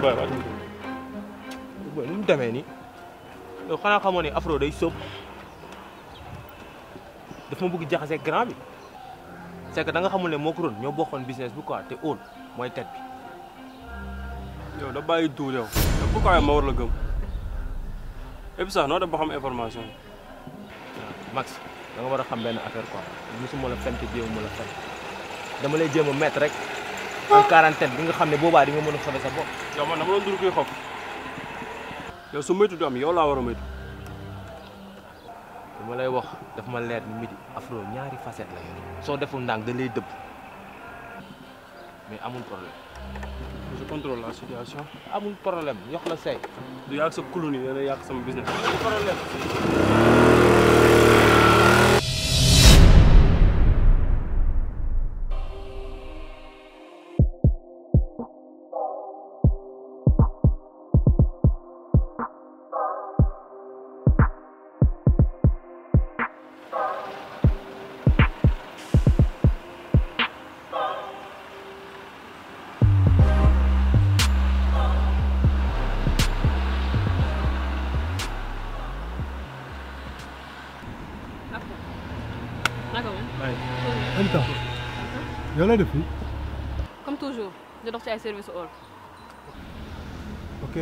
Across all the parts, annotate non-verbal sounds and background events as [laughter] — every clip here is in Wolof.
booy waay booy nu mu demee ni yow xanaa xamoon ne afro day sóob daf ma bëgg jaxase grand bi c'est que da nga xamul ne moo ko ñoo bokkoon business bi quoi te óol mooy tête bi. yow da bàyyi duul yow te bu ko ma war gëm et sax noo def ba xam information bi. Ah, Max da nga war a xam benn affaire quoi mosuma la fent jéem ma la fent dama lay jéem a mettre rek. en quarantaine bi nga xam ne boobaa di nga mën a sauver sa bopp. yow man dama doon duru kuy xob yow su moytu du am yow laa war a moytu. dama lay wax daf ma leer ni midi afro ñaari facette la soo deful ndànk da lay dëbb mais amul problème. je contrôle la situation. amul problème yox la say. du yàq sa kulun yi yéen a yàq sama business. amul problème. lay def fii. comme toujours di dox ci ay ok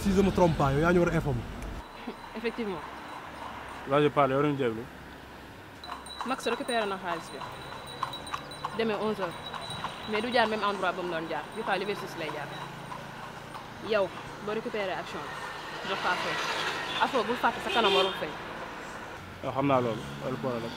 si je me trompe yaa ñu war a informer. [laughs] effectivement. là je parle yow la ñu déglu. Max récupéré na xaalis bi demee 11h mais du jaar même endroit ba mu doon jaar bi pas Liberté 6 lay jaar yow boo récupéré action jox ko affaire affaire bul fàtte sa kanam warul fay. waaw ah, xam loolu loolu problème.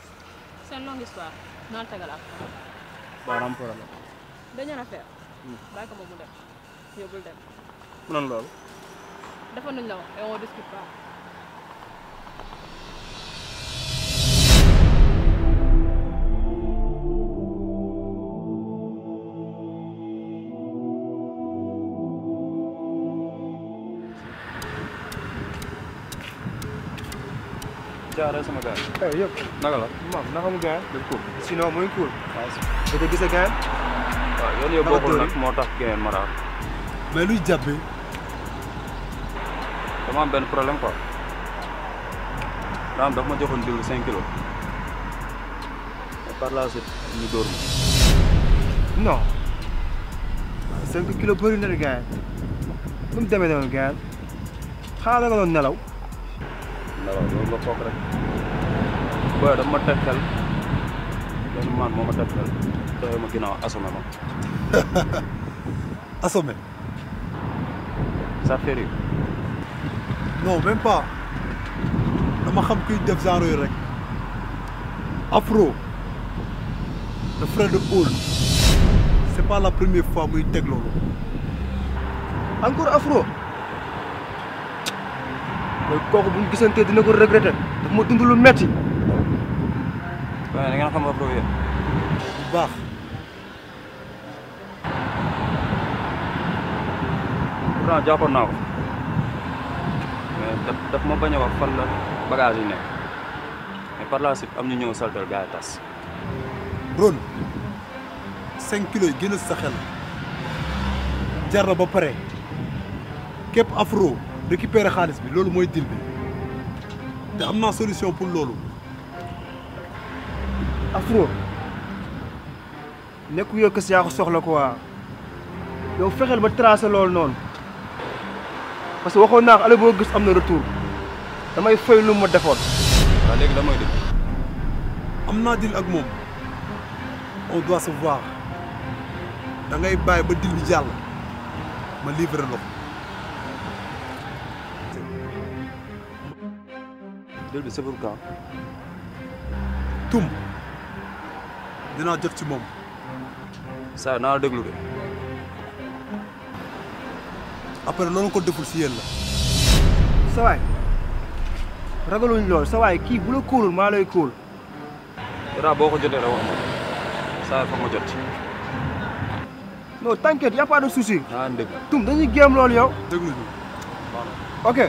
c'est une longue histoire naa la tegalaat. doo am problème. dañu la faire. Hmm. bàyyi ko moom mu dem yóbbul dem. mu noonu loolu. dafa nuñ la wax et on discute pas. rek sama gars yi. Eh, yëpp naka la. maam naka mu gars yi. cool sinon muy cool. waaw da gis a gars waaw yoon yow bokkul nag moo tax keneen mara. mais luy jàppee. dama am benn problème quoi. daanaka ma par la suite ñu dóor ma. non. 5 kilos bëri na de gars yi. nu mu demee noonu gars yi xaaral nga doon nelaw. nelaw loolu la foog rek. Je suis un homme. ma [laughs] fait non même pas dama xam y def afro le frère de Paul c'est pas la première fois muy teg loolu encore afro. corps bu dina pas regretter waaye da ngeen xam nga bu baax. pourtant jàppoon naa ko mais daf ma bañ a wax fan yi nekk mais par la am ñu ñëw saltel gars yi tas. Ron cinq kilo yi gën sa xel jar na ba pare képp afro récupérer xaalis bi loolu mooy deal bi te am naa solution pour loolu. afro nekku yow kës yaa ko soxla quoi yow fexeel ba tracé loolu noonu parce que waxoon naa ale boo gis am na retour damay fay lu ma defoon. waaw léegi naa dil ak moom on doit se voir da ngay bàyyi ba dil bi jàll ma livré loxo. dinaa jot ci moom. saa naa la déglu de. après loolu ko deful si yéen saway sa waay ragaluñ lool sa kii bu la kóolul maa lay kóol. Dara boo ko jotee rek wax ma saa fa ma jot. non t'inquiète y a pas de souci. naa dégg géem loolu yow. déglu ñu. ok.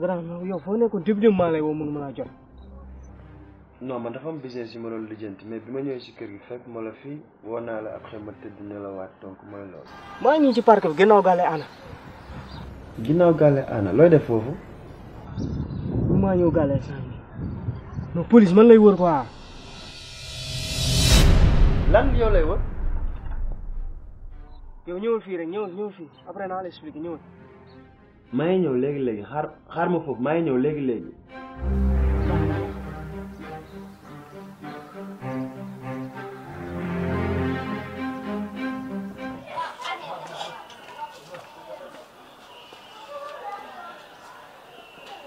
grand yow foo nekkoon dib dib maa lay woo mënu ma laa jot. non man dafa am business yi ma lijjanti mais bi ma ñëwee ci kër gi fekk ma la fii woo naa la après ma tëdd nelawaat donc mooy loolu. maa ngi nii ci parc bi ginnaaw gàlle ana. ginnaaw gàlle ana looy def foofu. bu maa ñëw gàlle sànq. non police man lay wër quoi. lan yow lay wër. yow ñëwal fii rek ñëwal ñëwal fii après naa la expliqué ñëwal. maa ngi ñëw léegi léegi xaar xaar ma foofu maa ngi ñëw léegi léegi.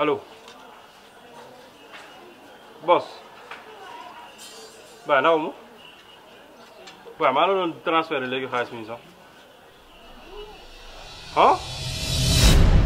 allo boss waaw naw mu waaw maa la doon transféré léegi xaalis mi sax.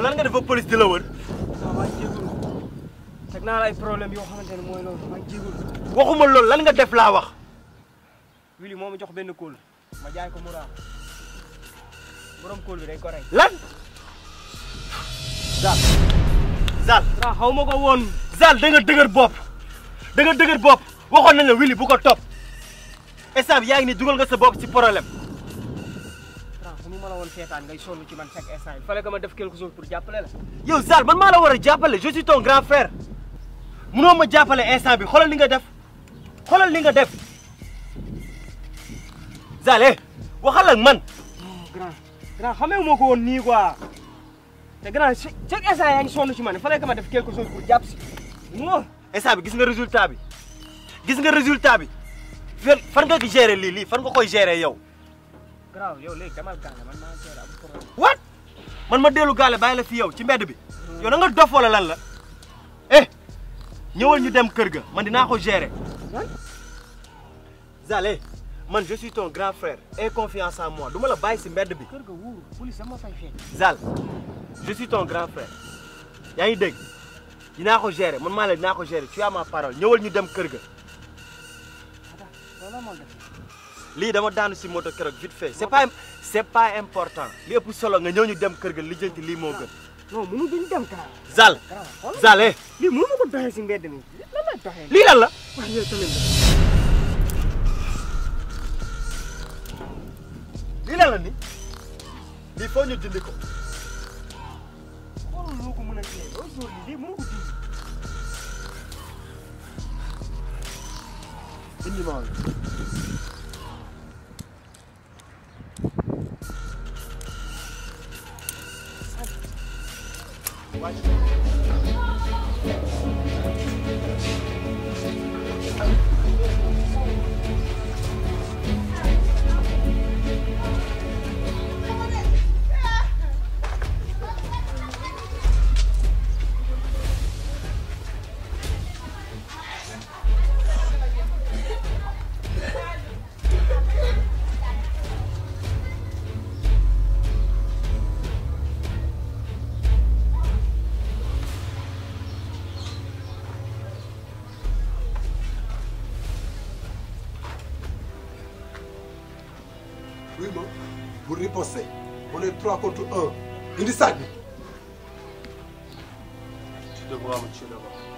lan nga def ba police di la wër. naa la ay problème yoo xamante ne mooy waxuma loolu lan nga def laa wax. Willy moo ma jox benn kool ma jaay ko Moura borom kóol bi day ko rey. lan. Zal. Zal. waaw xaw ma ko woon. Zal da nga dëgër bopp da nga dëgër bopp waxoon nañ la Willy bu ko topp yaa ngi ni dugal nga sa bopp ci problème. ma la woon seetaan ngay sonn ci man chaque instant il fallait que ma def quelque chose pour jàppale la. yow Zal man maa la war a jàppale je suis ton grand frère munoo ma jàppale instant bi xoolal li nga def xoolal li nga def Zal eh waxal ak man. Oh, grand grand xamee moo ko woon nii ko te grand chaque instant yaa ngi sonn ci man il fallait que ma def quelque chose pour jàpp si non. instant bi gis nga résultat gis nga résultat bi fan nga ko gérer lii lii fan nga koy gérer yow. what man ma dellu gaale bàyyi la fi yow ci mbedd bi yow nga dof wala lan la eh ñëwal ñu dem kër ga man dina ko gérer Zalé, man je suis ton grand frère aie confiance en moi du ma la bàyyi si mbedd bi Zal je suis ton grand frère yaa ngi dégg dinaa ko gérer man ma la dina ko gérer tu as ma parole ñëwal ñu dem kër ga lii dama daanu si moto kérok vite fait c'est pas c'est pas important li ëpp solo nga ñëw ñu dem kër ga lijeenti li mo gën. non mënu duñ dem Kara. Zal zalé eh. lii mënu ko doxé ci mbéd mi lan la doxee. lii lan la. waaw la. lan la ni lii fo ñu dindi ko. xol lu ko mëna ci téye loolu li mënu ko dindi. riposté on est 3 contre 1 indi sac bi. tu devras me tuer là-bas.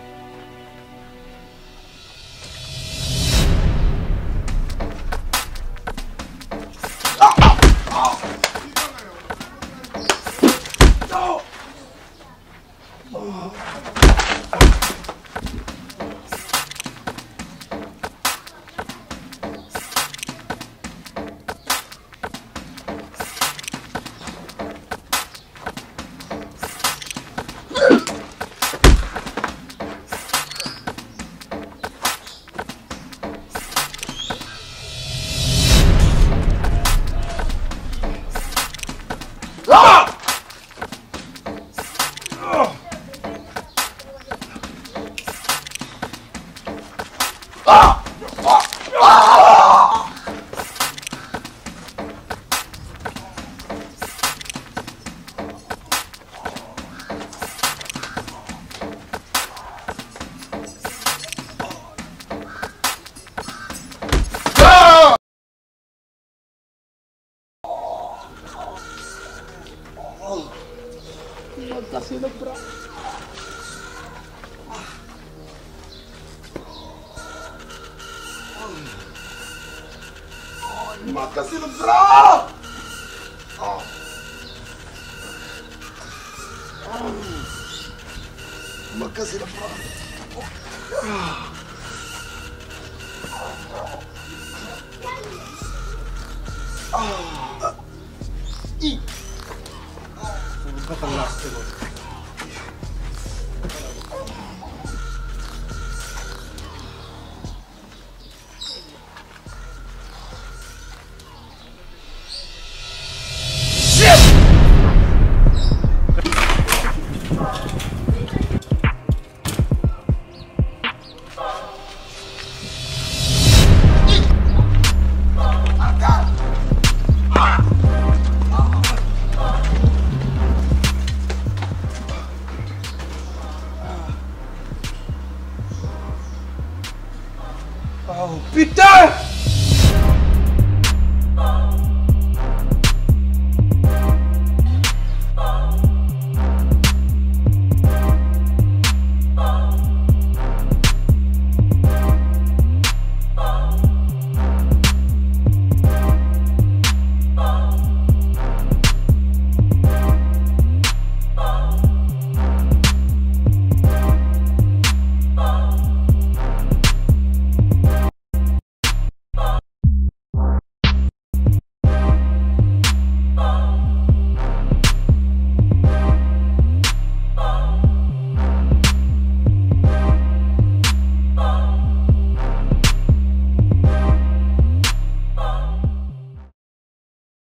ああいい分かります